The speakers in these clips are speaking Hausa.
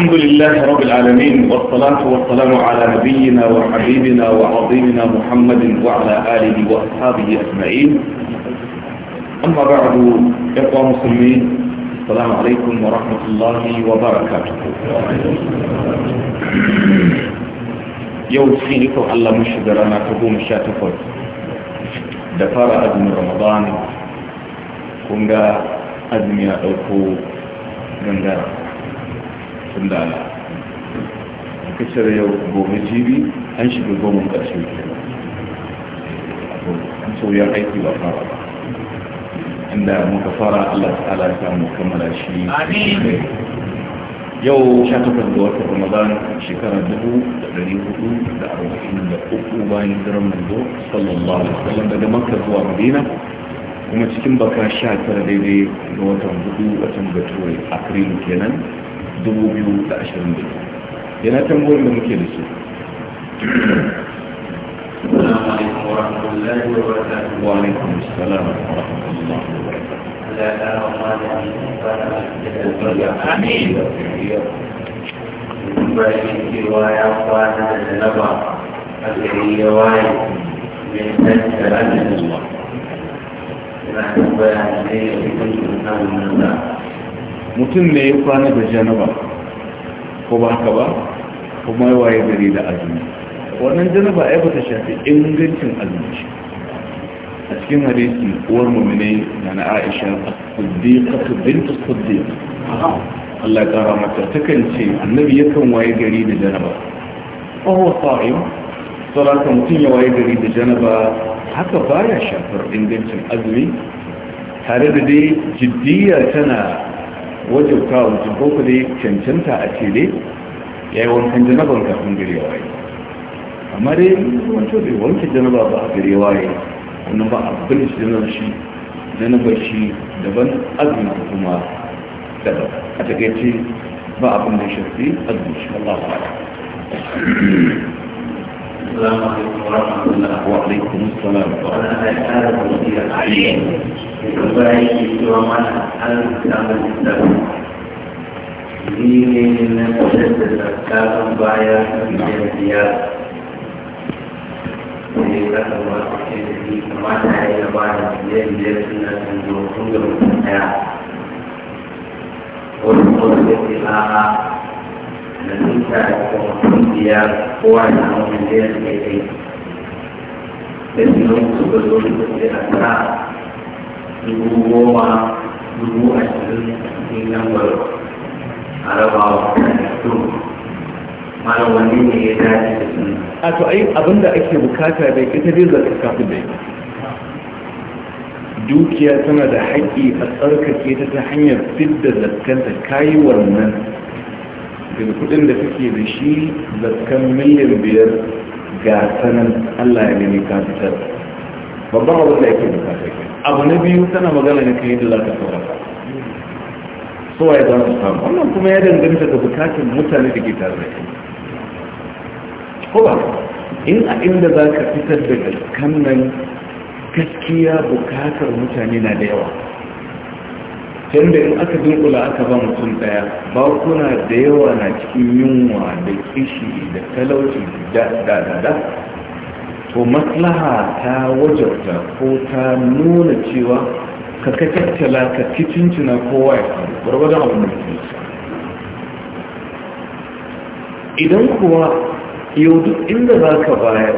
الحمد لله رب العالمين والصلاة والسلام على نبينا وحبيبنا وعظيمنا محمد وعلى آله وأصحابه أجمعين أما بعد إخوة مسلمين السلام عليكم ورحمة الله وبركاته يوم سينك الله مشدرنا تقوم شاتفت دفار أدم رمضان كنت أدم يا من جنجرة sun lala ka cire yau gobe jibi an shiga goma ƙarshe ke an sauya aiki ba fara ba inda muka fara allah ta'ala ya samu kammala shi yau sha takwas ga watan ramadan shekarar dubu da ɗari hudu da arba'in da uku bayan jiran manzo sallallahu alaihi wasallam daga makka zuwa madina kuma cikin baka sha tara daidai ga watan hudu watan bature afrilu kenan 2022 yana tambayoyin da muke da su وعليكم السلام ورحمة الله وبركاته. لا آمين. أن رواية وانا النبع الذي رواية من سنة الله. نحن بيان ليه في كل مكان من الله. mutum ne ya kwana da janaba ko ba haka ba kuma ya waye gari da azumi wannan janaba ya bata shafi ingancin azumi a cikin hadisi uwar mummune na na aisha siddiqatu bint siddiq Allah ya kara ta takan ce annabi kan waye gari da janaba wa huwa sa'im salatan mutum ya waye gari da janaba haka baya shafar ingancin azumi tare da dai jiddiya tana wajauta wa mutum ko kuma dai cancanta a ce ya yi wankan janabar kafin gari ya waye amma dai wancan to bai wanke janaba ba a gari ya waye wannan ba a bin shi janabar shi janabar shi daban azumi kuma daban a takaice ba abin da shafi azumi shi Allah ba السلام عليكم ورحمة الله وعليكم السلام وأنا أعلم وزير العليم بكبائي ومن أنت من السلام ini mempersesuaikan bayar kejadian mereka semua jadi kemana saya bayar dia dia sudah tunggu tunggu saya untuk untuk silakan da tuta da kuma kungiya kowa da hannun da ya ke kai da yi. su ga zo da ke a sa dubu goma dubu ashirin cikin lambar a rabawa to malam wani ne ya dace da sun a to ai abinda ake bukata da ita dai zaka kafin da ita dukiya tana da haƙƙi a tsarkake ta ta hanyar fidda zakkanta kayi wannan cikin kudin da suke da shi zakkan miliyan biyar ga sanan allah ya nemi ka fitar babban abin da yake bukata ke abu na biyu tana magana ne kai da za ka sauraka sowa ya za su samu wannan kuma ya danganta da bukatun mutane da ke tare da ko ba in a inda za ka fitar da gaskan nan gaskiya bukatar mutane na da yawa can da in aka dunkula aka ba mutum daya bakuna da yawa na cikin yunwa da kishi da talauci da da da da to maslaha ta wajabta ko ta nuna cewa ka ka tattala ka kicincina kowa ya faru gwargwadon abin da idan kuwa yau duk inda za ka bayar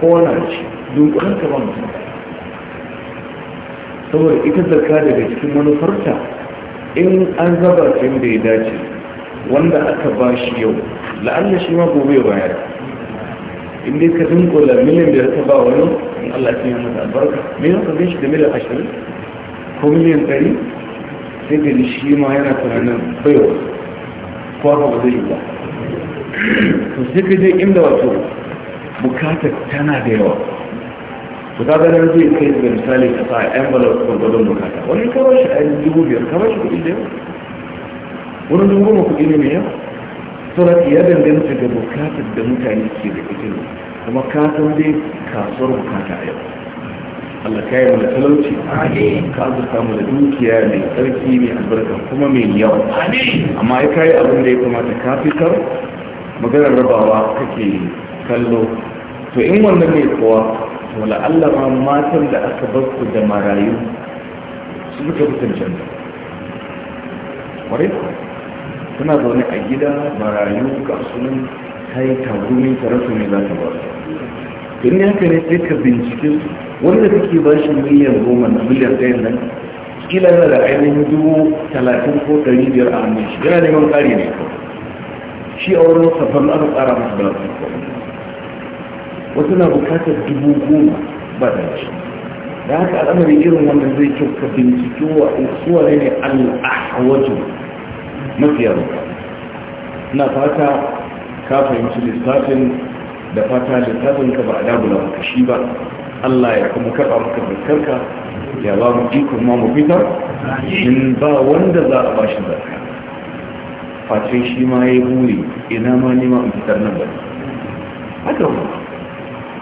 kowa na ci dunkulanka ba mutum saboda ita zarka daga cikin manufarta in an zaba cikin da ya dace wanda aka ba shi yau la'alla shi ma gobe bayar in dai ka dinkula miliyan da ta ba wani in allah ya masa albarka miliyan ka shi da miliyan ashirin ko miliyan ɗari sai da shi ma yana tunanin baiwa kwaba ba zai yi ba to sai ka je inda wato bukatar tana da yawa to ka ganin zai kai da misali ka sa envelope gwargwadon bukata wani kawai shi a dubu biyar kawai shi kuɗi da yau? Wani dubu goma kuɗi ne mai yawa sauran ya danganta da bukatar da mutane ke da ita ne kuma ka san dai kasuwar bukata a yau Allah ka yi mana talauci ka azurta mu da dukiya mai tsarki mai albarka kuma mai yawa amma ya kayi abin da ya kamata ka fitar maganar rabawa kake kallo to in wannan ne kowa wala Allah ma matan da aka bar da marayu su suka fi cancanta Wani suna zaune a gida marayu ga sunan kai tagumi tare su ne za ta ba su ne haka ne sai ka bincike su wanda kake ba shi miliyan goma na miliyan ɗaya nan kila yana da ainihin dubu talatin ko ɗari biyar a hannun shi yana neman ƙari ne shi a wurin safan aka tsara masu da wasu na bukatar dubu goma ba da shi da haka al'amari irin wannan zai kyau ka binciki wa suwa ne ne al'ahawatu mafiya ruka na fata ka fahimci lissafin da fata lissafin ka ba a dagula maka shi ba Allah ya kuma karɓa maka zarkarka ya ba mu ikon ma mu fita in ba wanda za a ba shi zarka face shi ma ya buri ina ma nima in fitar nan ba haka wani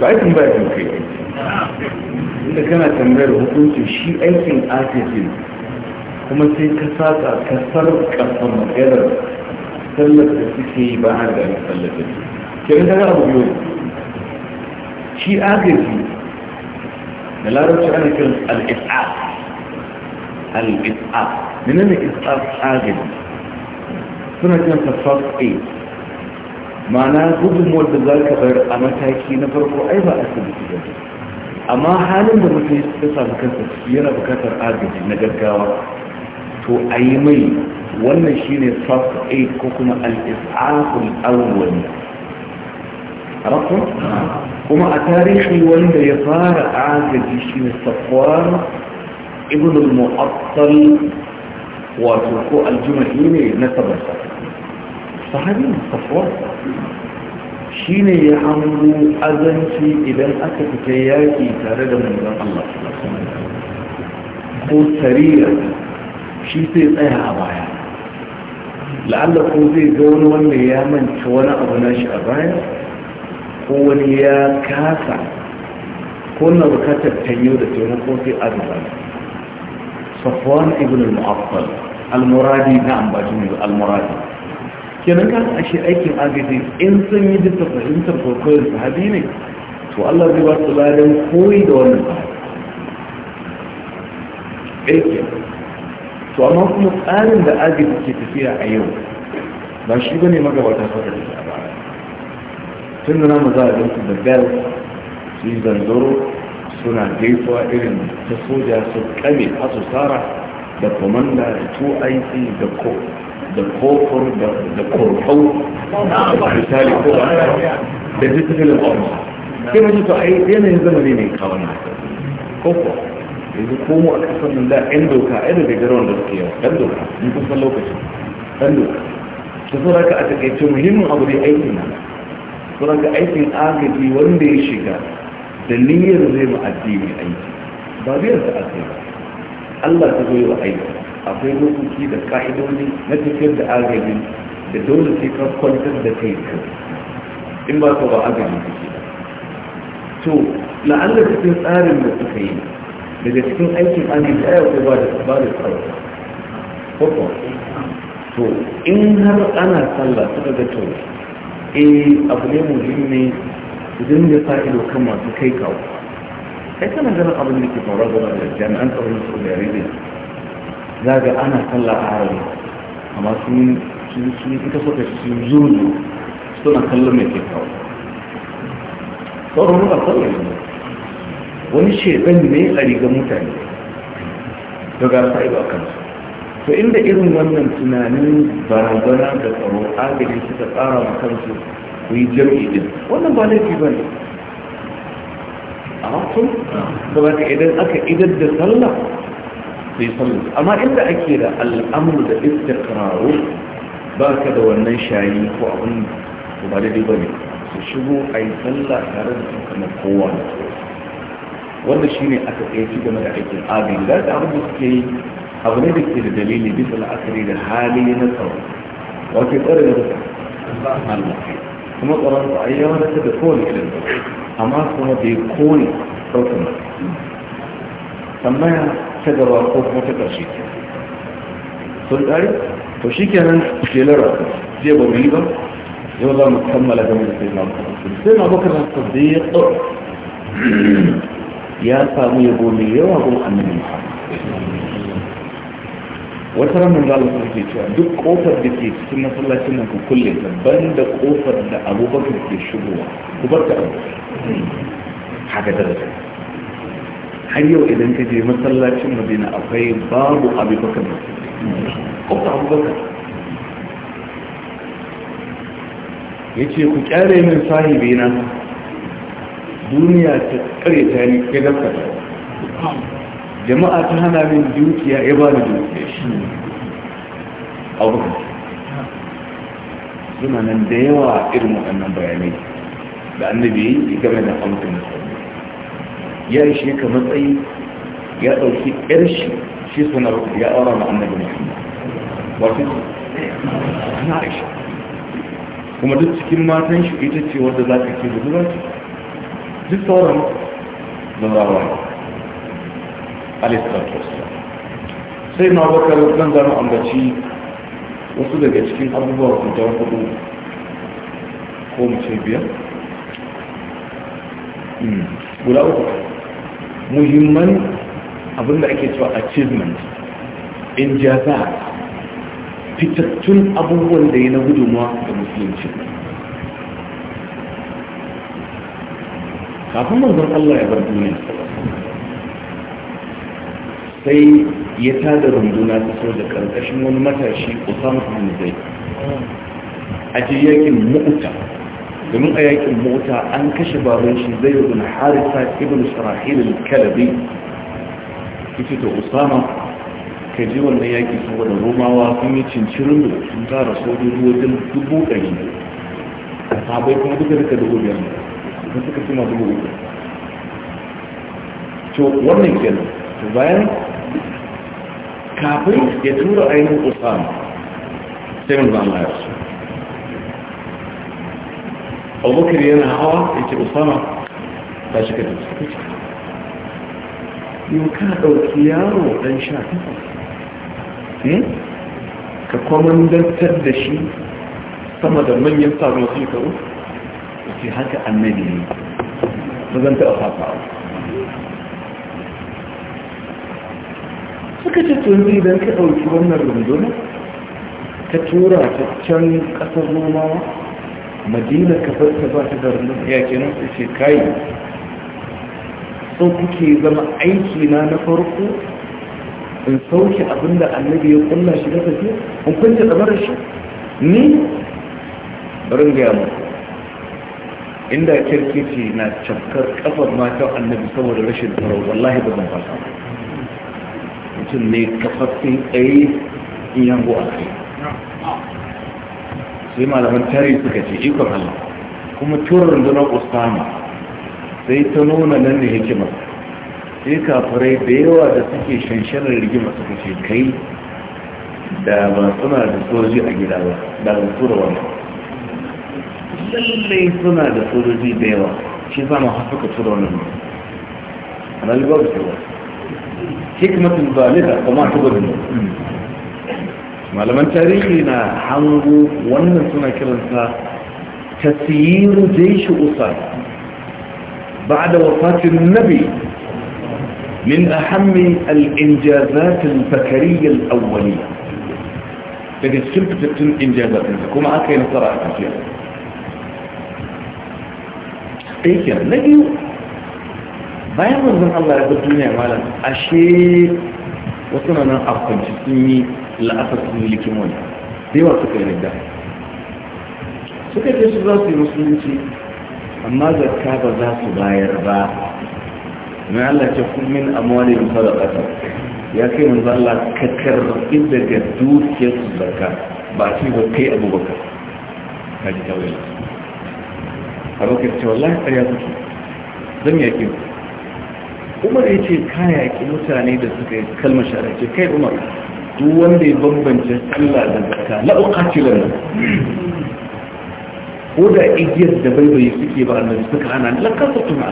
بعيدهم بقى من خير انت كما تنبالو هكونت الشيء ايكين اكتين كما سيكساتا كسر كسر مكير سلت السكي باعد عن سلت كيف انت اعبو بيوه شيء اكتين نلا روش عنا كلمة الاسعاف الاسعاف من انك اسعاف اكتين سنة كنت فرص ايه mana gudunmuwar da za ka bar a mataki na farko ai ba asibiti ba amma halin da mutum ya samu kansa yana bukatar agaji na gaggawa to a yi mai wannan shine first aid ko kuma al-is'aful awwal arafin kuma a tarihi wanda ya fara agaji shine safwan ibn al-mu'attal wato ko al-jumahi ne na sabarsa sahabi safwa shi ne ya hango azanci idan aka fita yaƙi tare da manzan Allah ko sarira shi sai tsaya a baya la'alla ko zai ga wani wanda ya manta wani abu nashi a baya ko wani ya kasa ko na bukatar tanyo da taimako sai azuba safwan ibn al-mu'affal al-muradi na ambajin al-muradi kenan a ashe aikin agaji in sun yi duk da fahimtar kwakwayar sahabi ne to Allah zai ba su ladan koyi da wannan aiki to amma kuma tsarin da agaji ke tafiya a yau ba shi ba ne magabata suka da a tun da namu za a gan su da bel su yi zanzoro suna gaisuwa irin ta soja su kame asusara tsara da komanda da 2ic da ko da kofur da kurkau misali ko ba da discipline of sai mace to ai yanayin zamani ne kawo na koko yanzu mu a kasar nan da yan doka a yadda daga rawan da suke yawa yan doka in kusan lokacin yan doka ta sauran ka a takaice muhimmin abu ne aikin nan sauran ka aikin agaji wanda ya shiga da niyyar zai ma addini aiki ba biyar ta aiki ba Allah ta zo yi wa aiki akwai lokaci da ka'idodi na tafiyar da agaji da dole sai ka kwantar da kai in ba ka ba agaji ke to la'allar cikin tsarin da suka yi daga cikin aikin da ya yau ba da ba da tsaro kwakwa to in har ana sallah suka ga to eh abu ne muhimmi idan da fa'ido kan masu kai kawo kai kana ganin abin da ke faruwa ga jami'an tsaron ya Arabia za ga ana kalla a amma sun ita suka su zuru suna kallon mai ke kawo sauran ruka sallah ne wani shekar ne a riga mutane da ga sa'i a kansu to inda irin wannan tunanin barazana da tsaro agaji suka tsara wa kansu ku yi jam'i din wannan ba laifi ba ne a wasu da ba idan aka idar da sallah su yi sallar amma inda ake da al'amuru da kararo ba ka da wannan shayi ko abin ba daidai ba ne su shigo a yi sallah tare da sun na kowa da wanda shi ne aka tsaye game da aikin abin da ta abin da suke yi abu ne da ke da dalili bisa la'akari da hali na tsaro wace tsare da kusa Allah kuma tsaron su ayi yawan ta da kowane irin amma kuma bai kone sautin tambaya ta gaba ko kuma ta ƙarshe sun ɗari to shi kenan shelara zai ba yi ba yau za mu kammala game da sai mamu sai mamu kan sa da ya tsoro ya samu yabo mai yawa gun annabi wata ranar da Allah ke cewa duk kofar da ke cikin masallacin nan ku kulle ta banda kofar da abubakar ke shigowa ku bar ta abu haka da da har yau idan ka je masallacin madina akwai babu abubakar kwafta abubakar ya ce ku kyale min sahibi na duniya ta kare ta ni ya gaskata jama'a ta hana min dukiya ya ba da dukiya shi abubakar suna nan da yawa irin waɗannan bayanai da annabi game da amfani ya ishe ka matsayi ya ɗauki ƴar shi shi sanar ya aura ma annabi muhammad wato na aisha kuma duk cikin matan shi ita ce wadda za ka ke ce budurwa duk sauran zaurawa alistarki sai na bakar zan zama ambaci wasu daga cikin abubuwa su guda hudu ko mace biyar hmm. guda uku muhimman abinda ake cewa achievement jaza fitattun abubuwan da ya na gudunwa da musulunci kafin manzan Allah ya bar duniya sai ya tada runduna ta soja karkashin wani matashi Usama hannu zai a jiyakin mu'uta domin a yakin mota an kashe baban shi zai yi wani harisa ibn sarahil kalabi ita ta usama ka ji wannan yaki saboda romawa sun yi cincirin da sun tara sojoji wajen dubu ɗari a sabai kuma duka duka dubu biyar da suka fi masu dubu to wannan kenan to bayan kafin ya tura ainihin usama sai mun zama ya أو بكر ينا هوا إنتي أصامة باش كده مسكتك يوكا أو كيارو أن شاكفة كقوما من تردشي ثم در من يمتع نصيكه وفي حاجة أمني لذن تأخاف معه فكتت وندي بانك أو كيوانا الرمضون كتورا تتشن كتر نوماوه madina kafar ta ba ta da rundun ya kenan su ce kai sau kuke zama aiki na na farko in sauke abinda annabi ya kulla shi da tafiya in kwanta tsamarar shi ni barin gaya mu inda kirkici na cafkar kafar matan annabi saboda rashin tsaro wallahi ba zan fasa mutum ne kafafin tsaye in yango a kai sai malaman tarihi suka ce ikon Allah kuma tun rundunar Usama sai ta nuna nan da hikima sai kafirai da yawa da suke shanshanar rigima suka ce kai da ba suna da soji a gida ba da ba tura wannan lallai suna da sojoji da yawa shi mu hafi ka tura wani ne a nalibar da cewa hikmatin ba ne da kuma tuba da ne malaman tarihi na hango wannan suna kiransa tasiru jaishi usar min وفاة النبي من أهم الإنجازات الفكرية الأولية لكن شلت تبتن إنجازات كما أكي نصر أكثر أي كان biyu bayan manzon Allah ya bar duniya malam ashe wasu nan afkanci sun yi la'asar sun likin wani sai wa suka yarda suka ce su za su yi musulunci amma zakka ba za su bayar ba mai Allah ce kun min yin in ƙasa? ya kai zalla kakar ka karbi daga dukiyar su zarka ba a ba kai abubakar ji kaji a lokacin cewa wallahi ƙarya suke. zan yaƙi umar ya ce kayaki mutane da suka yi kalmar shara ce kai umar duk wanda ya bambance sallah da zakka la uqatilan ko da igiyar da baibaye suke ba annabi suka hana la kasatu ma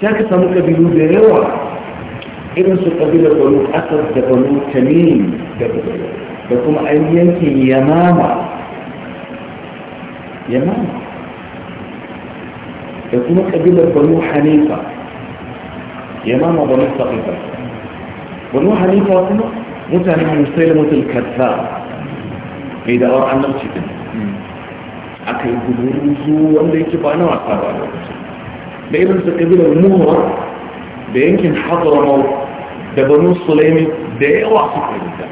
sai ka samu kabilu da yawa irin su kabilar banu asad da banu tamim da kuma an yankin yamama yamama da kuma kabilar banu hanifa yamama banu saqifa banu halifa kuma mutanen musulmatul kaza mai da awar annabci din aka yi gudunzu wanda yake ba na wasa ba da irin su kabilar muhuwar da yankin hadramau da banu sulaimi da yawa suka yi da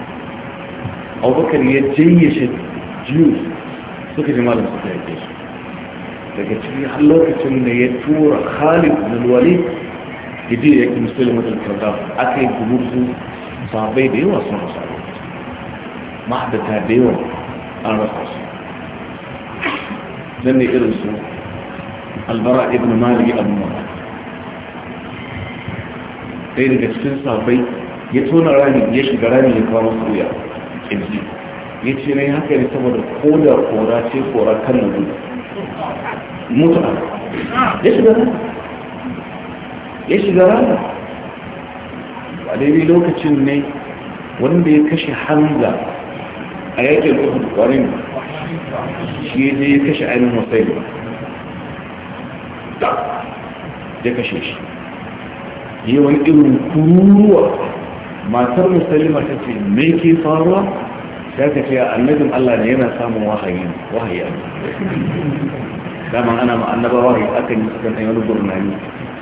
abubakar ya jayyashe jews suka ji malam suka yake shi daga cikin har lokacin da ya tura khalid na walid ya yake musulun wajen kaza aka yi gumurzu sabai da yawa sun rasa ma'adata da yawa an rasa su Zan ne irin su albara ibn maliki abu mara ɗaya daga cikin sabai ya tona rami ya shiga rami ya kawo suya ƙirji ya ce na yi haka ne saboda koda kora ce kora kan mutu mutu ya shiga rami ليش جرانا وليبي لوكة شنني وانبي يكشي حمزة ايات الأخذ قريمة شيدي يكشي عين المصيبة ده كشيش هي وانئذن كروة ما تر مسلمة في الميكي صارة ساتة فيها النجم الله نينا سامو وحيين وحيين سامع انا ما انبا وحي اكن مستن ايوان برنانيك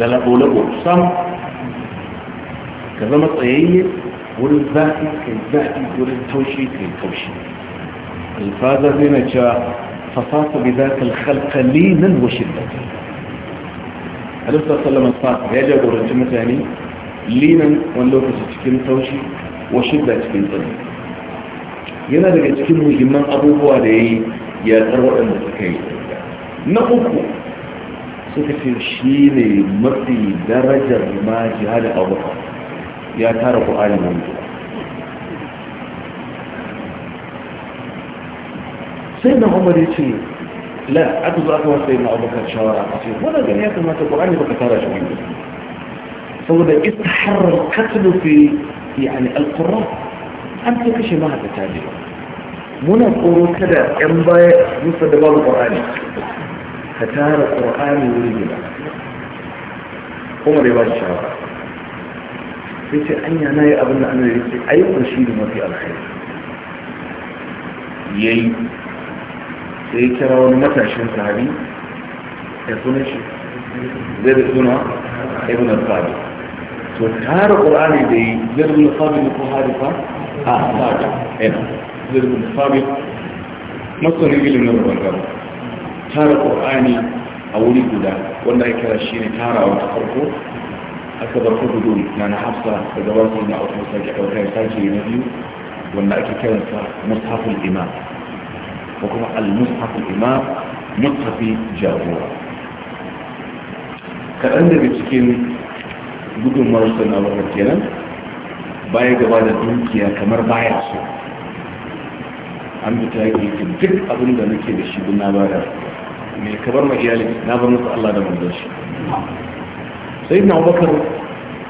بلغوا سم كما الطيئية والذاتي كالذاتي والتوشي كالتوشي الفاظة هنا جاء فصاص بذات الخلق لي من وشدة الفاظة صلى الله عليه وسلم يجب ورجمة يعني لي من ونلوك ستكين توشي وشدة تكين طيب هنا لك تكين مهمان أبو هو عليه يا ترى أنه تكين نقوكو suka ce shi ne mafi darajar ma jihar abu ya tara ƙwari mai sai na umar ya ce la aka zo aka wasu yana abokan shawara a ce wadda gani ya kamata ƙwari baka tara shi wani saboda ita harar katinu fi yani alkurar an ta kashe mahaɗa ta ne muna tsoro kada 'yan baya musa da babu ƙwari ka tara ƙur'ani wuri guda kuma ya ba shi shawara sai ce anya na yi abin da annabi ya ce ayyukan shi ne mafi alkhairi yayi sai kira wani matashin sahabi ya suna shi zai da suna ibn al-fadi to tara qur'ani da yi zai da fadi ko harifa a fadi ina zai da fadi masanin ilimin ruwan gaba tara qur'ani a wuri guda wanda ya kira shi shine tarawa ta farko aka bar gudu na na hafsa da daga wasu na auto sake dauka ya sake na biyu wanda ake kiransa mushaful imam ko kuma al mushaful imam mutafi jagora kaɗan daga cikin gudun na sanarwar kenan baya gaba da dukiya kamar baya so an bi ta yi duk abin da nake da shi na bada mai kabar ma iyali na bar musu Allah da manzon shi sai na bakar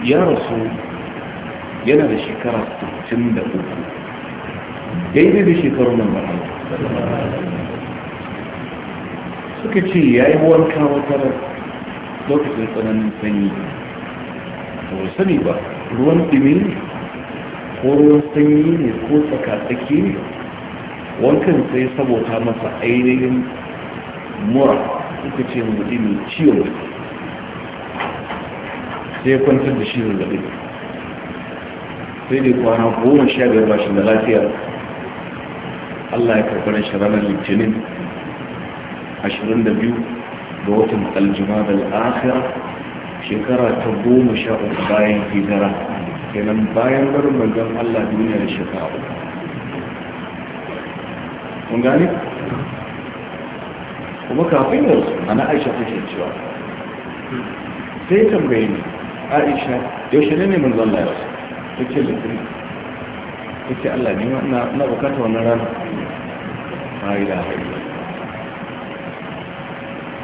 ya rasu yana da shekara 63 daidai da shekarun nan ba suka ce ya yi wanka wata lokacin tsananin sanyi ba sani ba ruwan ɗumi ko ruwan sanyi ne ko tsakatsaki ne wankan sai sabota masa ainihin mura ita ce mutum ciwo sai kwantar da shi zazzabi sai dai kwana goma sha biyar ba da lafiya allah ya karɓar shi ranar litinin 22 ga watan aljima da shekara ta goma sha uku bayan hijira kenan bayan barin manzon allah duniya da shekara uku gane kuma kafin yau ana aisha take cewa sai tambaye ne, aisha yaushe ne ne manzon Allah Ta ke lafiya ta ke Allah ne na na bukata wannan rana yi ilaha illa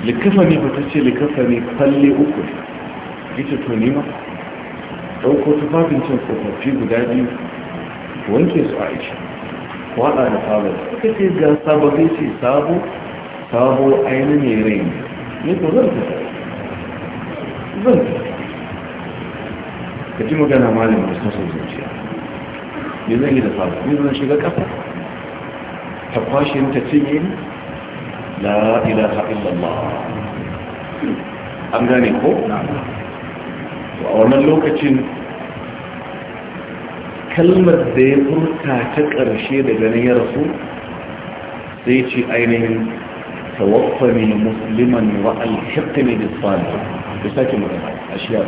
likafa ne fata ce likafa ne falle uku ita to ni ma ta fafin cin tsofaffi guda biyu wanke su aisha wada da fabar ta ce ga sabon ce sabo sabo aini ne rai ne to zan ta zan ta ka ji magana malin da sun zuciya ne zan yi da fara ne zan shiga kafa ta kwashe ta cinye la ilaha illallah an gane ko a wannan lokacin kalmar da ya furta ta ƙarshe da ganin ya rasu sai ce ainihin توفني مسلما وألحقني بالصالح بساكي مرحبا أشياء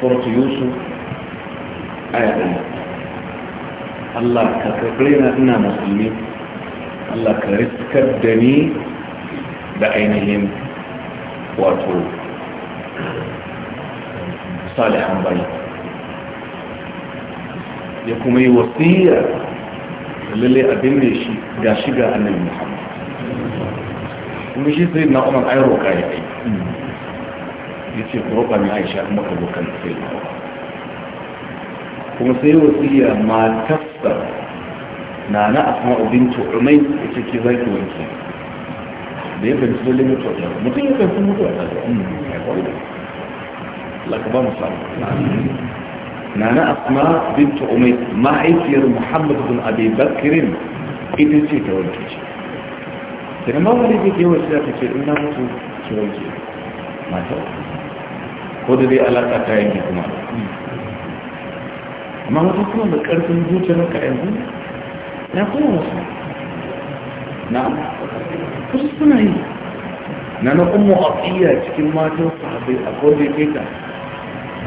سورة يوسف آية الله كتقلنا إنا مسلمين الله كرزك الدني بعينهم وأتوب صالحا بيت يكون يوصيه lalle a binne shi ga shi annabi muhammad kuma shi sai na umar ayi roƙa ya yi. ya ce ku roƙa mai aisha kuma ka roƙa na sai kuma sai wasiya matarsa na na asma'u bintu umai ya ce ki zaki wanke da ya fahimci lalle mutuwa ta mutum ya fahimci mutuwa ta mm. Allah ka ba mu نانا اسماء بنت اميت ما ايتير محمد بن ابي بكر ايتسي تولج كما ولي بي ديو سياتي ان ما تو تولج ما تو كود دي على كتاي دي كما ما هو تكون بكرتن جو تشن كاين دي لا كون مس نعم كسمعي نانا ام عطيه كما تو صاحبي اقول لي كده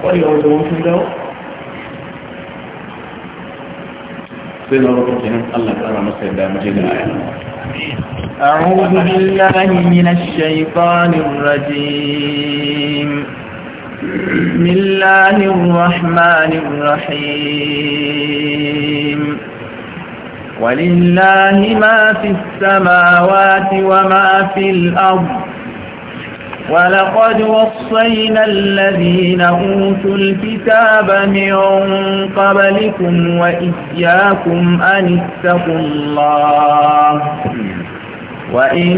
قال يا ولد سيدنا أبو كينان الله تعالى مسجد مجيد أعوذ بالله من الشيطان الرجيم بسم الله الرحمن الرحيم ولله ما في السماوات وما في الأرض ولقد وصينا الذين أوتوا الكتاب من قبلكم وإياكم أن اتقوا الله وإن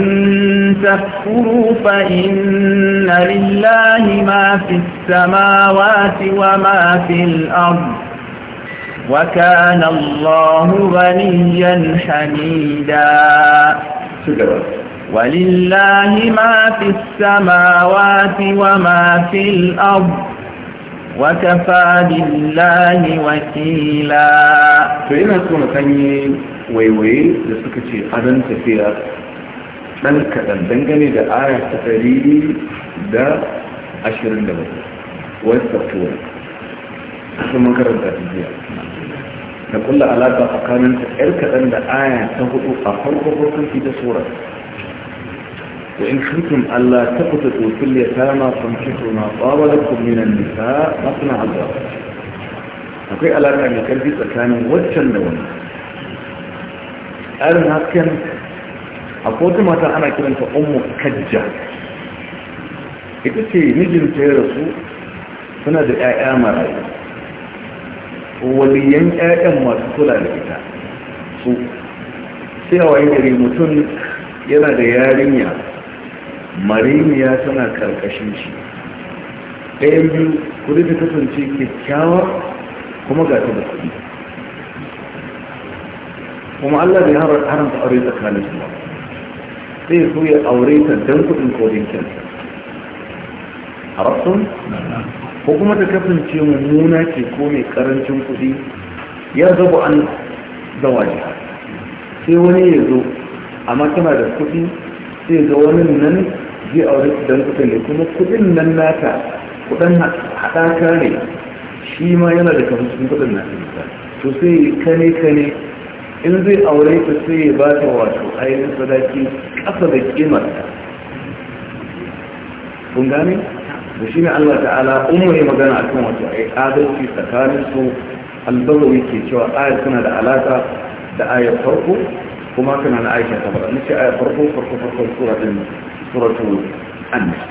تكفروا فإن لله ما في السماوات وما في الأرض وكان الله غنيا حميدا ولله ما في السماوات وما في الأرض وكفى بالله وكيلا فإن أكون فني ويوي لسكتي أذن تفيا بل كدن دنجني دا آية تفريدي دا أشرين دبا والسطور ثم كرد ذاتي نقول kulla alaƙa tsakanin ta ƴar kaɗan da aya ta hudu a وإن خفتم ألا تقتلوا في اليتامى فانكحوا ما طاب لكم من النساء مثنى عذاب akwai alaƙa mai ƙarfi tsakanin waccan da wani ƙarin hasken a kotu mata ana kiranta umu kajja ita ce mijinta ya rasu suna da 'ya'ya marayu waliyan 'ya'yan masu kula da ita su sai a waye gari mutum yana da yarinya mariniya suna karkashin shi ɗayan biyu kudi ta kasance kyakkyawar kuma ga ta da kudi kuma allah bai haramta aure tsakanin su ba sai so ya aure ta don kudin kodin kyanta a rasun ko kuma ta kasance mummuna ce ko mai karancin kudi ya zaba an zawaji sai wani ya zo amma tana da kudi sai ga wani nan zai aure su don kuɗin ne kuma kuɗin nan naka kuɗin haɗaka ne shi ma yana da kamar cikin kuɗin nasa to sai kane kane in zai aure ta sai ya ba ta wato ainihin sadaki ƙasa da ƙimar kun gane da shi ne allah ta'ala umar ya magana a kan wato adalci tsakanin su albazawi ke cewa ayar suna da alaƙa da ayar farko kuma suna na aisha ta ba na ce ayar farko farko farko sura ɗin suratul annas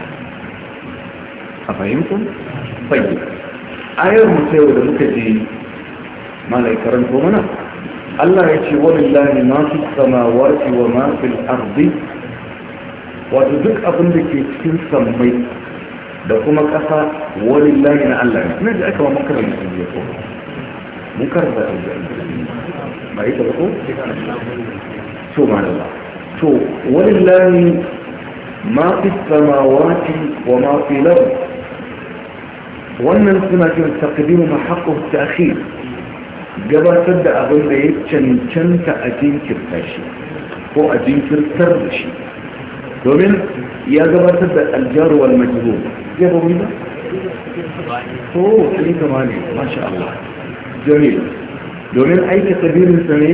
a fahimta fage ayar mutu yau da muka ji malaikaran ko mana Allah ya ce walillahi ma fi samawati wa ma fil ardi duk abin da ke cikin sammai da kuma ƙasa walillahi na Allah ne ne da aka ma da ba to ما في السماوات وما في الأرض wannan suna cewa taqdimu ma haqqu ta'khir gabatar da abin da ya cancanta a jinkirta shi ko a jinkirtar da shi domin ya gabatar da aljaru wal majhul zai ba mun ba to sai kama ne masha Allah jamil domin aika tabirin sa ne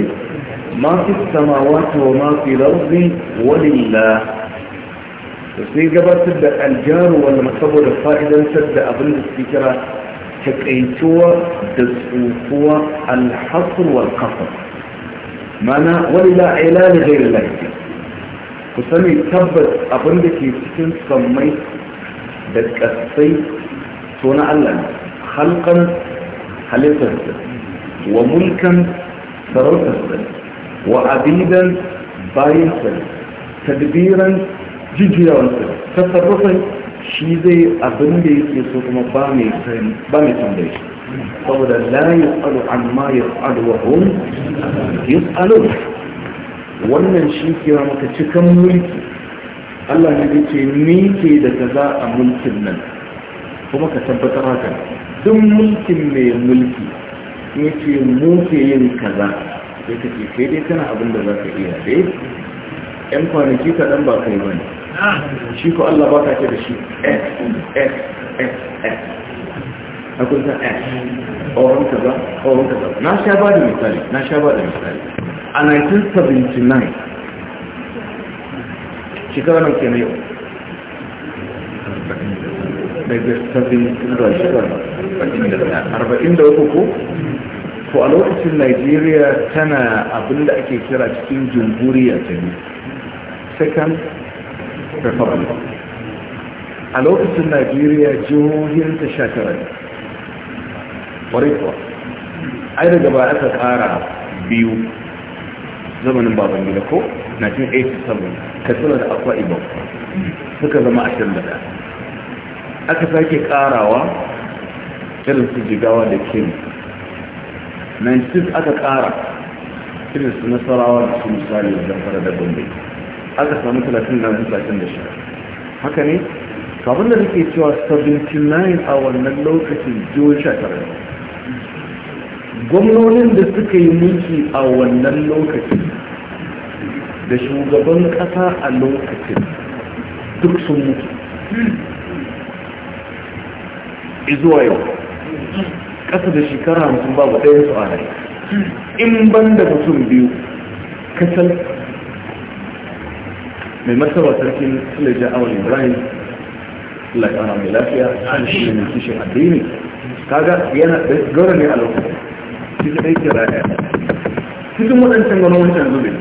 ma fi samawati wa ma fi al-ardi walillah بس ليه قبل تبدأ الجان ولا ما تصور الفائدة تبدأ أظن السكرة تقيتوا تسعوتوا الحصر والقصر معنى ولا إعلان غير الله قسمي تبت أظن لك يتكن صمي بك السي تونا ألان خلقا حلفا وملكا سرطا وعبيدا باينسا تدبيرا jujjuyawarsa tattarufa shi zai abin da yake so kuma ba mai tambayi saboda la yi an amma ya tsalo wa hun ya tsalo wannan shi kira maka cikin mulki allah ne da ce ni ke da kaza a mulkin nan kuma ka tabbatar haka duk mulkin mai mulki ne ce mu ke yin kaza sai ka ce kai dai kana abin da za ka iya dai 'yan kwanaki kaɗan ba kai ba ne shi ko Allah baka ka ce da shi s s s s a kunta s oron kaza oron kaza na sha ba da misali na sha ba da misali a 1979 shekara nan ke na yau daga 73 ko ko a lokacin Najeriya tana abinda ake kira cikin jamhuriya ta ne second preferably a lokacin najeriya jihohin ta sha tara ne ƙwarikwa ai daga ba aka ƙara biyu zamanin baban gida ko 1987 katsina da akwa ibon suka zama ashirin da aka sake ƙarawa irin su jigawa da kemi 96 aka ƙara irin su nasarawa da su misali da zamfara da gombe aka samu 30 da 36 haka ne kamar da nake cewa 79 a wannan lokacin jihohi 19 gwamnonin da suka yi mulki a wannan lokacin da shugaban kasa a lokacin duk sun mutu izuwa yau kasa da shekara hamsin babu ɗaya su a rai in ban da mutum biyu kasar من مرتبة تركين اللي جاء أول إبراهيم لك أنا ملافيا حالي من الشيء الديني كاغا يانا بس قرني على الوقت في ذلك رائع في ذلك مدى أنت نقول أنت نقول لي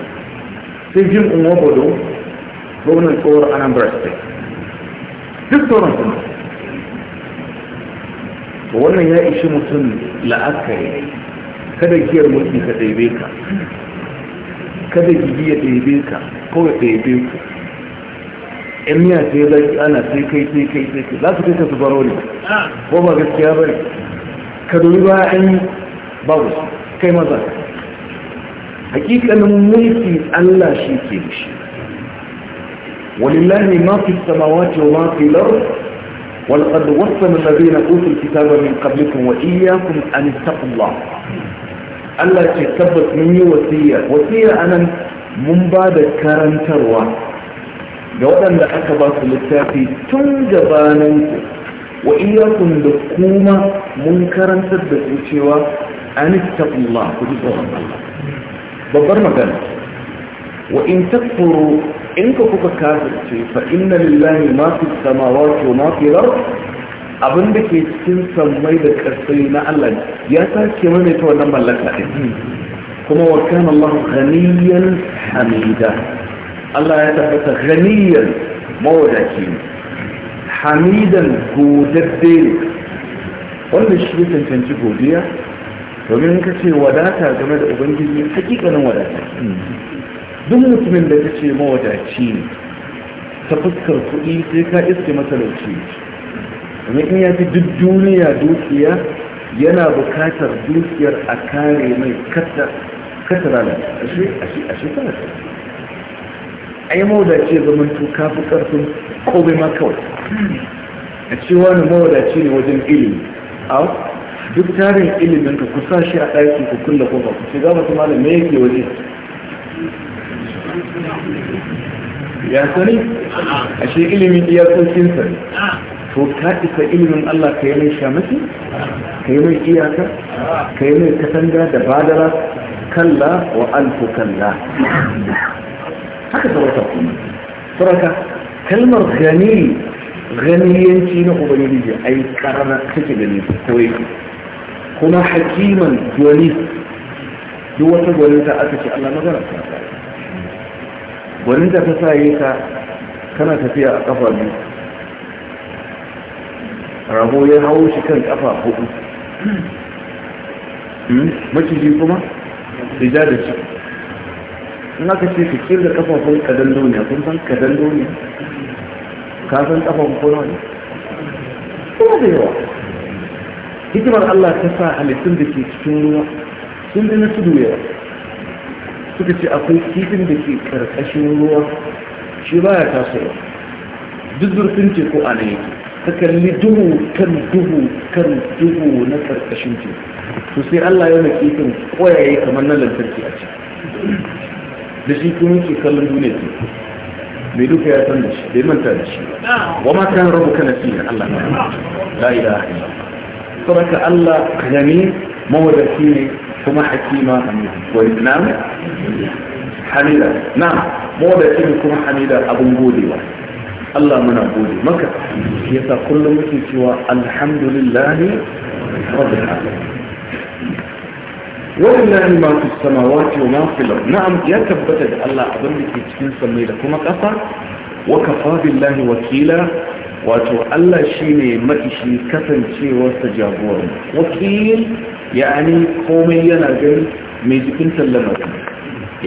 في جيم أمو بدو بغن الكور أنا برستي كيف تورن كنا وانا يا إشي مسلم لا أكري كده كير مدني كتبيكا كده جيجي يتبيكا كوي يتبيكا in ya ce zai ana sai kai sai kai sai kai za su kai su baro ne ko ba gaskiya ba ka dori ba an yi babu kai maza hakikanin mulki allah shi ke da shi ولله ما في السماوات وما في الأرض ولقد وصل الذين أوتوا الكتاب من قبلكم وإياكم أن اتقوا الله ألا تكبت مني وسيئة وسيئة أنا من بعد كارنتر واحد ga waɗanda aka ba su littafi tun gabanin ku wa iyakun da kuma mun karantar da ku cewa an taqullah ku ji tsoron Allah babbar magana wa in takfuru in ka kuka kafirce fa inna lillahi ma fi samawati wa ma fi al abin da ke cikin sammai da ƙasai na Allah ya sake mana ta wannan mallaka din kuma wa kana Allah ghaniyan hamida Allah ya tabbata ganiyar mawadaci hamidan godadde wanda shi ya cancanci godiya domin ka ce wadata game da ubangiji hakikanin wadata duk mutumin da ka ce mawadaci ne ta fuskar kuɗi sai ka iske matalauci domin in ya fi duk duniya dukiya yana bukatar dukiyar a kare mai kata kata rana a shekara ai mawadaci ya zama tuka kafi karfin komai ma kawai a cewa ne mawadaci ne wajen ilimi a duk tarin ilimin ka ku sa shi a ɗaki ku kulle kofa ku ce za su tuma me yake waje ya sani a shi ilimin sokin sani to ka isa ilimin Allah ka yi mai shamaki ka yi mai iyaka ka yi mai katanga da badara kalla wa alfu kalla haka sarauta kuma sarauta kalmar gani ganiyanci na ubangiji ai karana take gani kawai kuma hakiman gwani duk wata gwaninta aka ce Allah magana ta sa gwaninta ta sa yi ka kana tafiya a kafa biyu rago ya hawo shi kan kafa hudu hmm? maciji kuma rija da shi هناك شيء كثير ده كفوا في كدلوني أظن كان كدلوني كان كفوا مقولوني ما ده هو كتب الله كفى أن تندك تشنوا تندنا تدوية تكتب أقول كيف تندك كرتشنوا شو رأي كاسوا جذر تنتي قواني تكر لدهو كم دهو كم دهو نكر أشنتي تسير الله يومك إيكم ويأيك من نلم تنتي أشنتي da shi kun yi kallon duniya ce mai duka ya san da shi bai manta da shi wa ma kan rabu kana fi Allah la ilaha illa saboda Allah gani mawadaci ne kuma hakima wa ibnan hamida na mawadaci ne kuma hamida abun godewa Allah muna gode maka yasa kullum muke cewa alhamdulillahi rabbil alamin waɗannan masu sama wato na na'am ya tabbata da Allah abin da ke cikin sammai da kuma ƙasa wa kafa wakila wato Allah shi ne maishi kasancewarsa jagorar wakil ya komai yana gani mai jikin tallamarki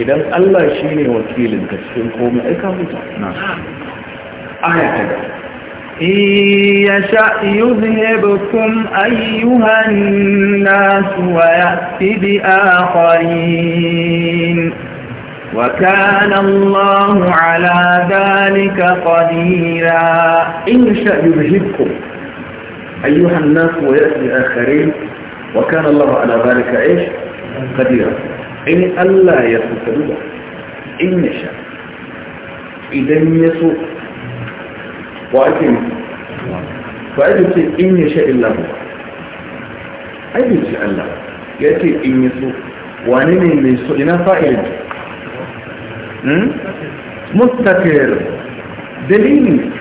idan Allah shi ne wakilin ka cikin komai aika mutu na aya ta إن يشأ يذهبكم أيها الناس ويأتي بآخرين وكان الله على ذلك قديرا إن يشاء يذهبكم أيها الناس ويأتي بآخرين وكان الله على ذلك إيش قديرا إن ألا يسوء إن يشاء إذن يسوء wa ake nufi ba ya ce in ya sha illa ba aikin shi Allah ya ce in ya so wani ne mai so ina fa'il hmm? mustafir dalili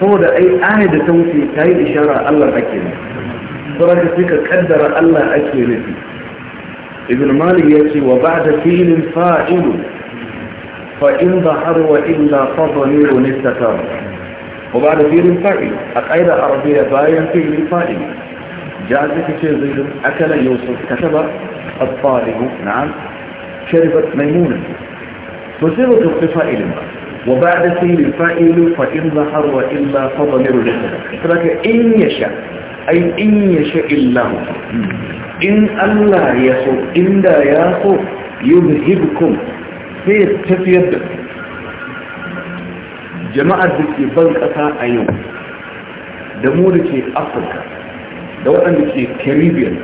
saboda ai ayar da ta wuce ta yi ishara Allah ake ne saboda sai ka kaddara Allah ake nufi ibn malik ya ce wa ba da filin fa'ilu fa'in ba har wa illa fadoniru ne ta kama وبعد فيل فائل القاعدة العربية باين فيل فائل جاء ذلك شيء زيد أكل يوسف كتب الطالب نعم شربت ميمونة فصيغة اختفاء وبعد سيل الفائل فإن ظهر وإلا فضمير الإسلام فلك إن يشاء أي إن يشاء الله إن الله يسوء إن لا يسوء يذهبكم في التفيد jama'ar da ke ban ƙasa a yau da mu da ke afirka da waɗanda ke caribbean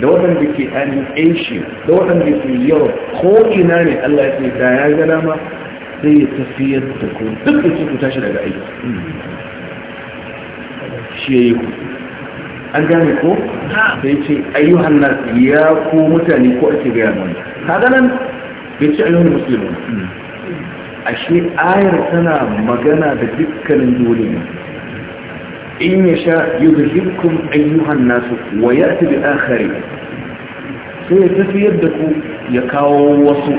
da waɗanda ke ainihin asia da waɗanda ke europe ko ina ne allah ya ce da ya gana ma sai ya tafiyar da ku duk da ke su tashi daga aiki shi ya yi ku an gane ko sai ce ayyuhan nas ya ku mutane ko ake gaya mana ka ganan ya ce ayyuhan musulmi ashe ayar tana magana da dukkanin duniya in ya sha yuzhibkum ayyuhan nasu wa ya bi akhari sai ya tafi yadda ku ya kawo wasu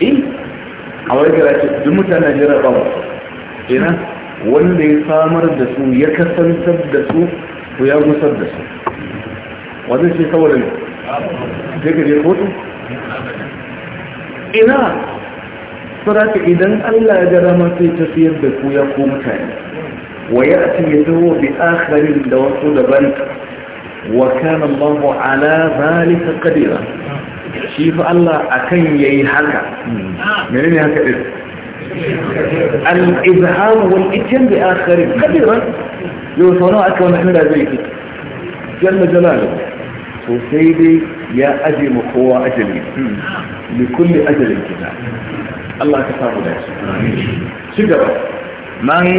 in eh? a wai gara ce duk mutane jira ba ina wanda ya samar da su ya kasantar da su ko ya gusar da su wanda ce saboda ne sai gaje kotu ina فرات إذن ألا جرم في تفير بكو يقوم كان ويأتي ذو بآخر دوات لبن وكان الله على ذلك قديرا شيف الله أكن ييحك منين يحك إذن الإبهام والإتيام بآخر قديرا يوصلوا أكوان حمد عزيزي جل جلاله وسيدي يا aje mu أجلي لكل أجل kulli الله kitab Allah ka من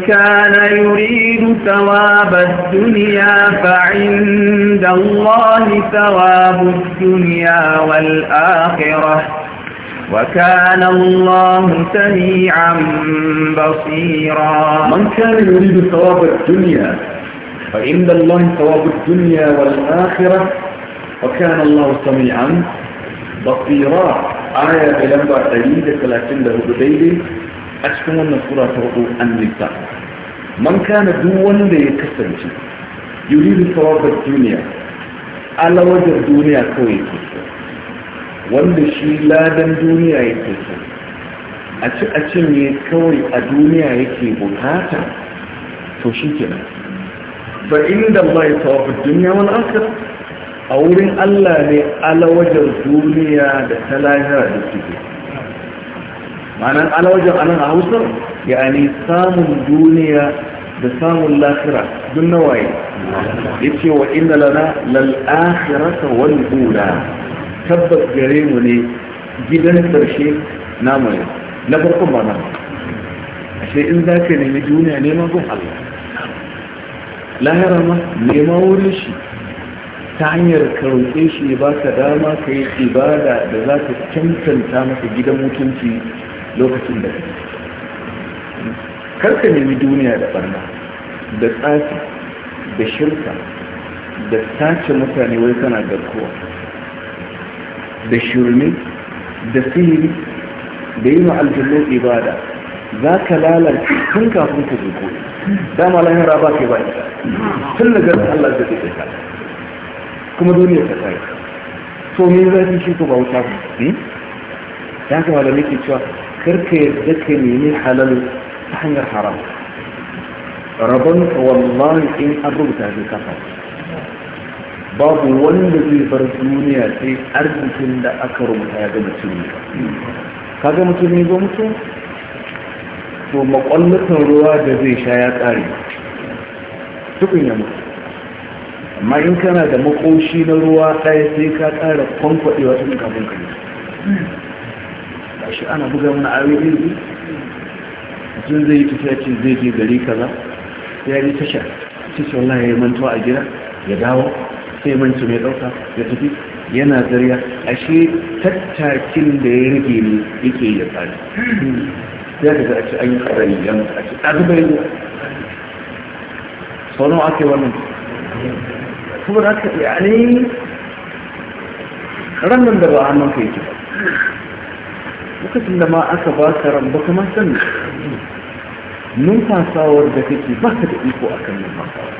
كان يريد ثواب الدنيا فعند الله ثواب الدنيا والآخرة وكان الله سميعا بصيرا من كان يريد ثواب الدنيا فعند الله ثواب الدنيا والآخرة وكان الله سميعا بصيرا آية بلمبا تريد ثلاثين له بديل أشكم أن سورة أن نساء من كان دون دي كسنجي يريد ثواب الدنيا على وجه الدنيا كوي wanda shi لا دم دنيا so a ci a الدنيا يكي a duniya فإن الله to الدنيا kenan a wurin Allah ne alawajar duniya da ta lahira da suke ma'anar alawajar anan a hausar ya ne samun duniya da samun lahira dun nawaye ya ce wa inda lana lal'ahirata wani ula tabbas gare mu ne gidan karshe namu ne na farkon ba namu ashe in za ka nemi duniya neman gun Allah lahira ma nema wurin shi ta hanyar ka shi ya ba ka dama ka yi ibada da za ka cancanta maka gidan mutunci lokacin da kar ka nemi duniya da barna da tsafi da shirka da sace mutane wai kana garkuwa da shirme da sihiri da yi ma'aljallo ibada za ka lalace tun kafin ka zuko dama lahira ba ke ba ita tun da garin allah zai ke kuma duniya ta tsaya to me zafi shi ko ba wuta ba hmm? ya kama da nake cewa karka yadda ka nemi halal ta hanyar haram rabon wallahi in an rubuta zai kafa babu wanda zai bar duniya sai arzikin da aka rubuta ya ga mutum ka ga mutum ne zo mutum to makwallatan ruwa da zai sha ya tsare tukun ya mutu amma in kana da makoshi na ruwa ɗaya sai ka kara kwankwaɗe wata ɗin kafin ka ba shi ana buga mana ayoyin ne mutum zai yi tafiya ce zai je gari kaza ya yi tasha ce wallahi ya manta a gida ya dawo sai manci mai ɗauka ya tafi yana zariya ashe tattakin da ya rage ne yake yi da tsari ya ga a ce an yi ƙarari yan a ce ɗazubai sauran ake wannan kuma da haka yani rannan da ba a ka yake lokacin da ma aka ba ka ran ba kuma san numfasawar da kake ba ka da iko a kan numfasawa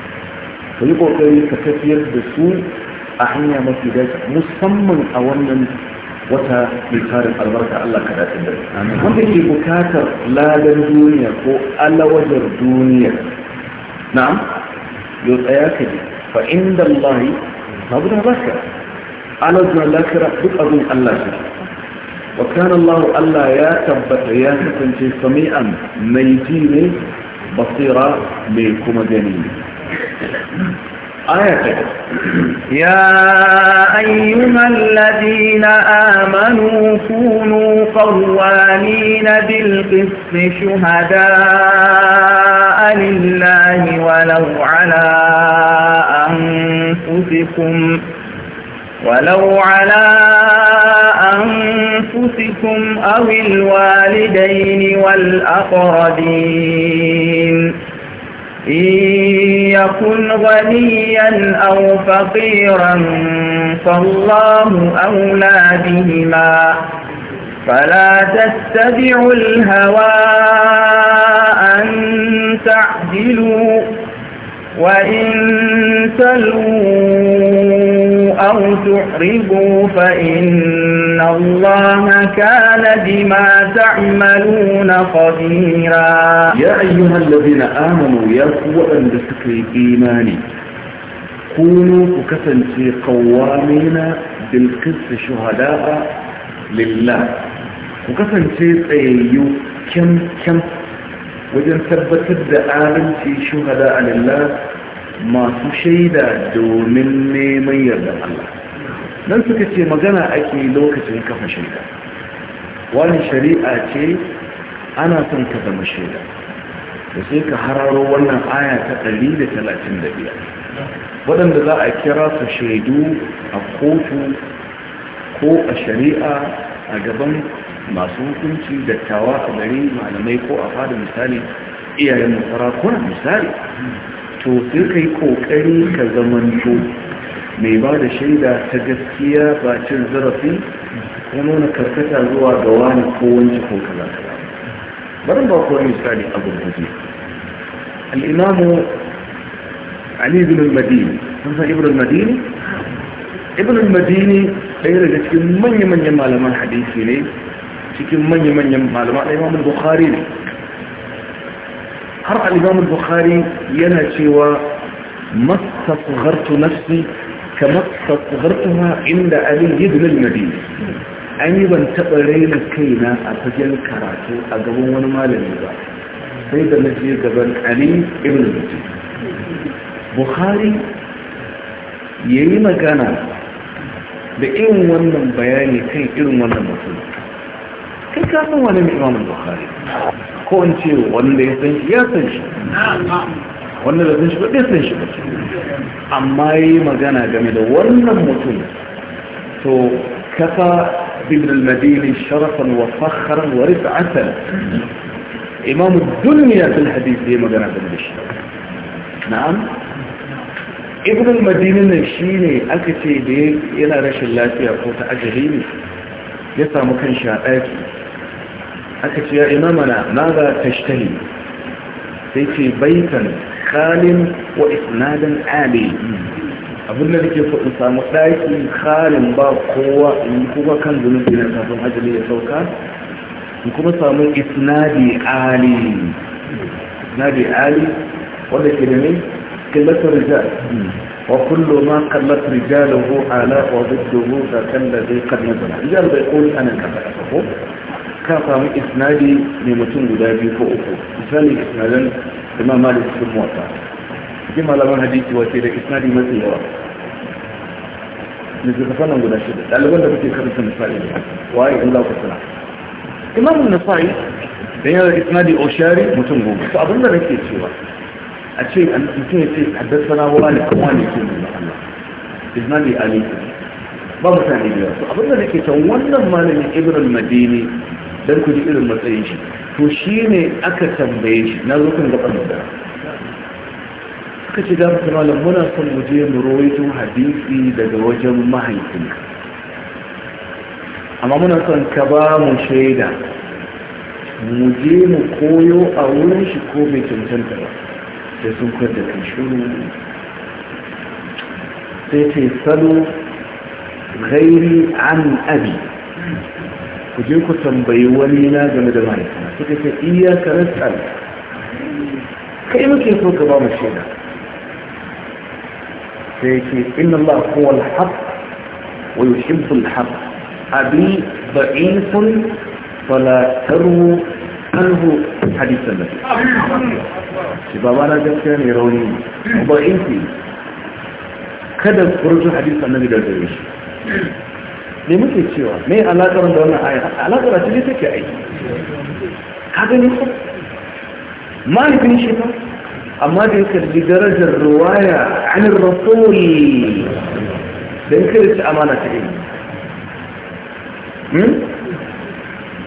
ka yi ƙoƙari ka tafiyar da su a hanya mafi dace musamman a wannan wata mai tarin albarka Allah ka dace da wanda ke bukatar ladan duniya ko alawajar duniya na'am yau tsaya ka ji fa’inda Allah yi, babu da ba ka, ala zuwa lafira duk abin Allah shi, wa kan Allah Allah ya tabbata ya kasance sami’an mai ji ne, basira mai kuma gani آية يا أيها الذين آمنوا كونوا قوانين بالقسط شهداء لله ولو على أنفسكم ولو على أنفسكم أو الوالدين والأقربين إن يكن غنيا أو فقيرا فالله أولى بهما فلا تتبعوا الهوى أن تعدلوا وإن تلووا أو تعرضوا فإن الله كان بما تعملون خبيرا يا أيها الذين آمنوا يا سوء لسكي الإيمان كونوا كسن في قوامين بالقسط شهداء لله وكسن في أيو كم كم wajen tabbatar da adalci shuhada alillah masu shaida domin من يرد الله nan suka ce magana ake lokacin kafa shaida wani shari'a ce ana son ka zama shaida da sai ka hararo wannan aya ta 135 waɗanda za a kira su shaidu a kotu ko a shari'a a gaban masu hukunci dattawa a gari malamai ko a fada misali iyayen kuna misali to sai ka yi ƙoƙari ka zamanto mai ba da shaida ta gaskiya ba cin zarafi ya nuna karkata zuwa ga wani ko wancan ko kaza kaza barin ba kuwa misali a gurguje al'imamu ali ibn al-madini sun san ibn al-madini ibn al-madini ɗaya daga cikin manya-manyan malaman hadisi ne cikin manya-manyan malaman ɗaya mamun bukhari ne har al-imamu bukhari yana cewa masta tsohartu nafsi kamar fasfartuwa inda alin yidnul madina an yi ban taɓa raina kaina a fagen karatu a gaban wani malami ba sai da na je gaban ali ibn mutum buhari ya yi magana da irin wannan bayani kan irin wannan mutum kai kasan wani imamun buhari ko in ce wanda ya san shi ya san shi wannan da sun shiga ɗaya sun shiga amma yi magana game da wannan mutum to kafa ibn al-madini sharafan wa fakharan wa rif'atan imam duniya fil hadith yi magana game da shi na'am ibn al-madini ne shine aka ce da yana rashin lafiya ko ta ajali ne ya samu kan shi a ɗaki aka ce ya imamana na za ta sai ce baitan khalin wa Isnadin ali abin da nake so in samu ɗaki khalin ba kowa in kuma kan zunubi na kafin ajali ya sauka in kuma samu isnadi ali isnadi ali wanda ke da ne killatar rijal وكل ما zai رجاله على Rijal bai الذي قد نزل رجال بيقول انا كذا Isnadi من mutum guda biyu ko uku, مثال Isnadin. imam malik cikin mota cikin malaman hadisi wace da isnadi mafi yawa littattafan nan guda shida ɗaliban da kuke karanta nasa'i ne waye in za sana. suna imamun nasa'i dan yana isnadi oshari mutum goma to abin da nake cewa a ce mutum ya ce haddasa wani kuma ne ke nuna Allah isnadi ali ba mutane da yawa to abin da nake can wannan malamin ibn al-madini dan ku ji irin matsayin shi to shi ne aka tambaye shi na zukun gaban da suka ce da mutum malam muna son mu je mu rawaito hadisi daga wajen mahaifinka amma muna son ka ba mu shaida mu je mu koyo a wurin shi ko bai cancanta ba sai sun da kan shuru sai ce salo gairi an abi ku je ku tambayi wani na game da mahaifina suka ce iyaka nas'al kai muke so ka ba mu shaida sai yake inna Allah huwa al-haq wa yuhibbu al-haq abi sun fala tarwu anhu hadithan nabi shi baba na gaskiya ne rauni ba ki kada ku hadithan nabi da zai shi me muke cewa me alaƙar da wannan ayar alaƙar da cikin take aiki ka gani ko mahaifin shi ba amma da ya karbi darajar ruwaya an rasul dan kada ci amana ta hmm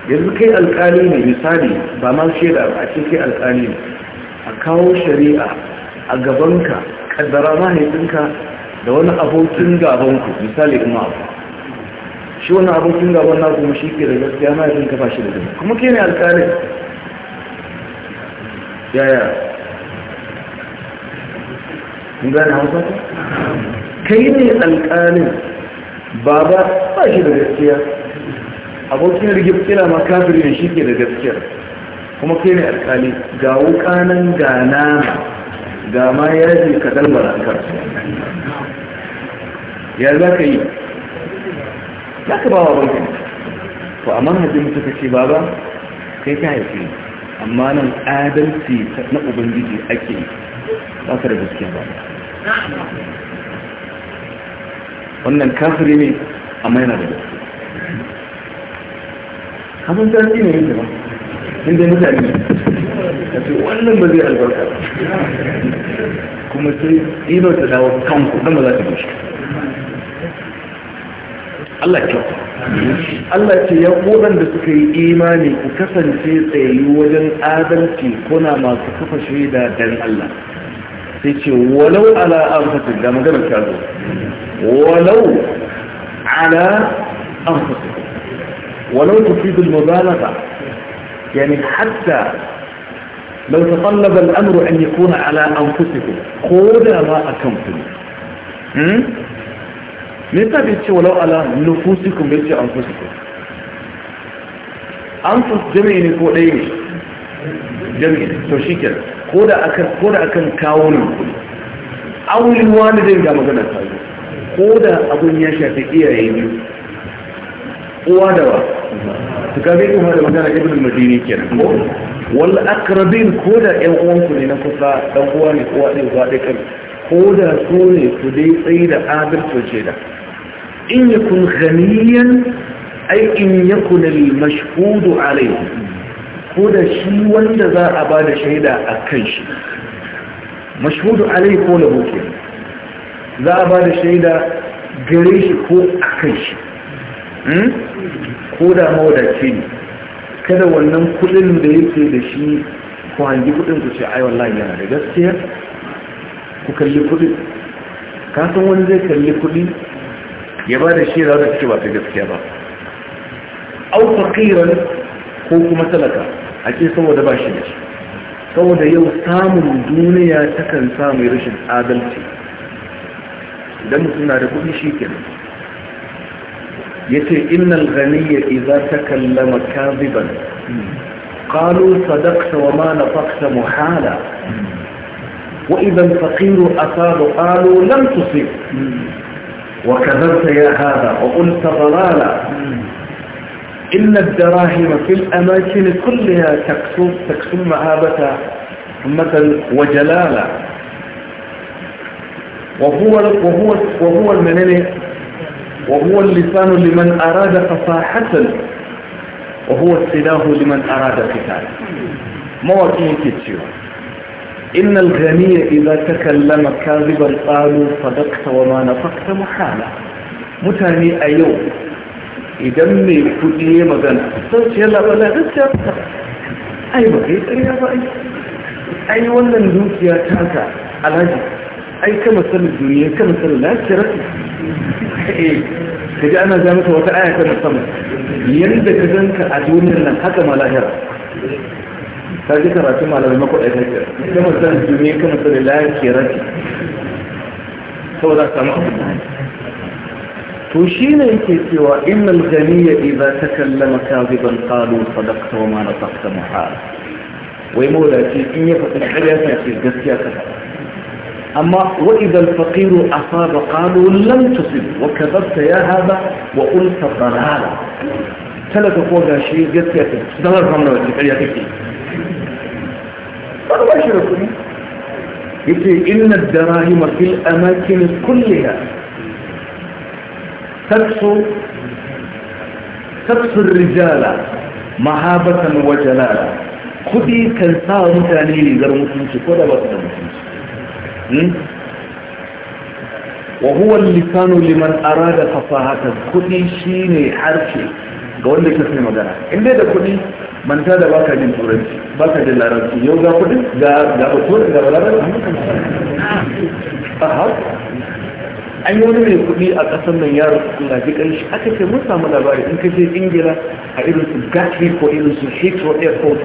yanzu kai alƙali ne misali ba ma shaida a ce kai alƙali ne a kawo shari'a a gabanka ƙaddara mahaifinka da wani abokin gabanku misali kuma abu shi wannan abokin gaban na kuma shi ke da gaskiya mahaifin kafa shi da gani kuma ke ne alkalin yaya in gane hausa ta kai ne alkalin baba ba shi da gaskiya abokin rigib kila ma kafiri ne shi ke da gaskiya. kuma ke ne alkali ga wukanan ga nama ga ma yaji ka dalbar an ya za ka yi za ka ba wa wanka to a manhajin suka ce baba kai ka haifi amma nan adalci na ubangiji ake ba ka da gaskiya ba wannan kafiri ne amma yana da gaskiya abin zafi ne yake ba in inda mutane a ce wannan ba zai albarka kuma sai ilo ta dawo kanku ba za ta bushe Allah ce Allah ce ya kodan da suka yi imani ku kasance tsayu wajen adalci kuna masu kafa shaida dan Allah sai ce walau ala anfusikum da magana ta zo walau ala anfusikum walau tufid al-mubalagha yani hatta لو تطلب الأمر أن يكون على أنفسكم خذ ما أكمتم me ta bai ce walau ala nufusikum bai ce anfusikum anfus jami'i ne ko ɗaya ne jami'i to shi ke ko da akan kawo nan kuɗi aulin walidin ga magana ta zo ko da abin ya shafi iyaye ne uwa da ba su bai uwa da magana ibn madini kenan ko wal akrabin ko da ƴan uwanku ne na kusa ɗan uwa ne ko ɗaya uwa ɗaya ko da su ne su dai tsaye da adalci ce da إن يكن غنيا أي إن يكن المشهود عليه هذا شيء وانتظى أباد شهيدا أكنش مشهود عليه قول أبوك ذا أباد شهيدا قريش هو أكنش هذا مودا شيء kada wannan kudin da yake da shi ku hangi kudin ku ce ai wallahi yana da gaskiya ku kalli kudin kasan wani zai kalli kudi ya ba da shaida da suke ba ta gaskiya ba au faƙiran ko kuma talaka ake saboda ba shi da shi saboda yau samun duniya takan samu rashin adalci idan mutum na da kuɗi shi kenan yace innal ghaniyya idza takallama kadiban قالوا صدقت وما muhala Wa idan الفقير أصاب قالوا لم تصب وكذبت يا هذا وقلت ضلالا إن الدراهم في الأماكن كلها تكسب تكسب مهابة مثلا وجلالا وهو وهو وهو وهو اللسان لمن أراد فصاحة وهو السلاح لمن أراد قتال ما وكيف تشيوه إن الغني إذا تكلم كاذبا قالوا صدقت وما نفقت محالة متاني أيو إذن مي فتي مغن سوش يلا بلا غسي أبتر أي مغيت أي أبائي أي ولا نزوك يا تاتا على جي أي كما سل الدنيا كما سل لا شرك إيه. كجا أنا زامت وفي آية كما سمت يندك زنك أدوني لنا حتى ما لا ka ji karatun malamai makwaɗa ta kira ita musamman duniya kan musamman da layar ke rafi saboda samu abu da to shi ne yake cewa innal ganiya idza takallama kadiban qalu sadaqta wa ma nasaqta muhal wai mawlaci in ya faɗi ƙarya ta ce gaskiya ka amma wa idza al faqiru asaba qalu lam tusib wa kadhabta ya hada wa qulta dalala talaka ko gashi gaskiya ta zama kamar wace ƙarya take طب ان الدراهم في الاماكن كلها تكسو تكسو الرجال مهابة وجلالة خذي إيه كنساء متانين غير مسلمش كودا بطل مسلمش وهو اللسان لمن اراد فصاحة خذي إيه شيني حرشي قول لك اسمي مدرع اللي ده خذي إيه؟ manta da baka jin turanci baka jin larabci yau ga kudin ga ga bature ga larabci aha an yi wani mai kuɗi a ƙasar nan yaro na ji shi. aka ce mun samu labari in ka je ingila a irin su gatwi ko irin su heathrow airport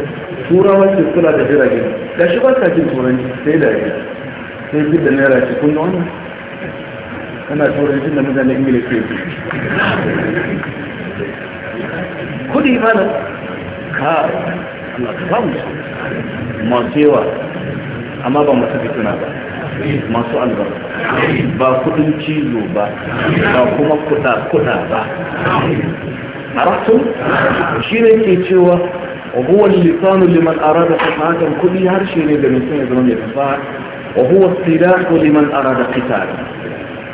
turawa ke kula da jirage da shi ba sa jin turanci sai da ya sai fi da naira ce kun wani kana turanci da mutane ingila ke kuɗi mana har Allah ta masu yawa amma ba masu fituna ba masu albarka ba kudin cizo ba ba kuma kuda-kuda ba a shi ne ke cewa وهو اللسان لمن أراد فساعة كل هرشي لدى نسان يزرون يتفاع وهو السلاح لمن أراد قتال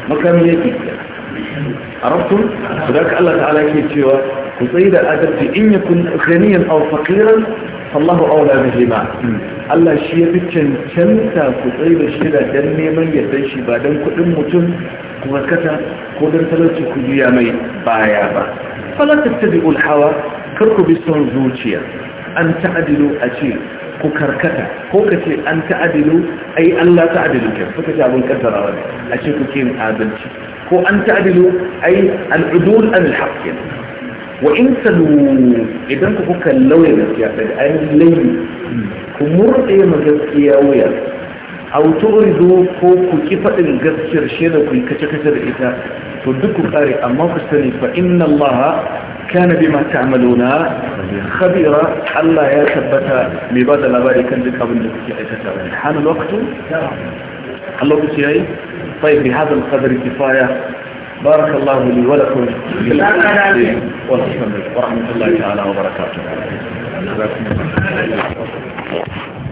مكان يجب عرفتم؟ فذلك ala ke cewa. ku tsaye da adalci in ya kun ganiyan aw faqiran Allahu aula bihima Allah shi ya fi cancanta ku tsaye da shi da dan neman yardan shi ba dan kuɗin mutum ku makata ko dan talauci ku biya mai baya ba fala tattabi'ul hawa kar ku bi son zuciya an ta'adilu a ce ku karkata ko ka ce an ta'adilu ai Allah ta'adilu ke suka ce abin kaddarawa ne a ce ku ke adalci ko an ta'adilu ai al'udul an al wa in salu idan ku kuka lauya gaskiya da ainihin laifi ku murɗe ma gaskiya wuya autori ko ku ki faɗin gaskiyar shaida ku kace-kace da ita to duk ku kare amma ku sani fa inna Allah kana bima ta'maluna khabira Allah ya tabbata mai ba da labari kan duk abin da kuke aikata hana lokacin Allah ku ce fa bi hadal qadri kifaya بارك الله لي ولكم ورحمة الله تعالى وبركاته